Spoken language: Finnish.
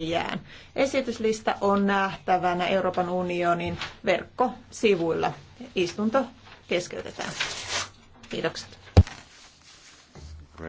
jään. Esityslista on nähtävänä Euroopan unionin verkkosivuilla. Istunto keskeytetään. Kiitokset.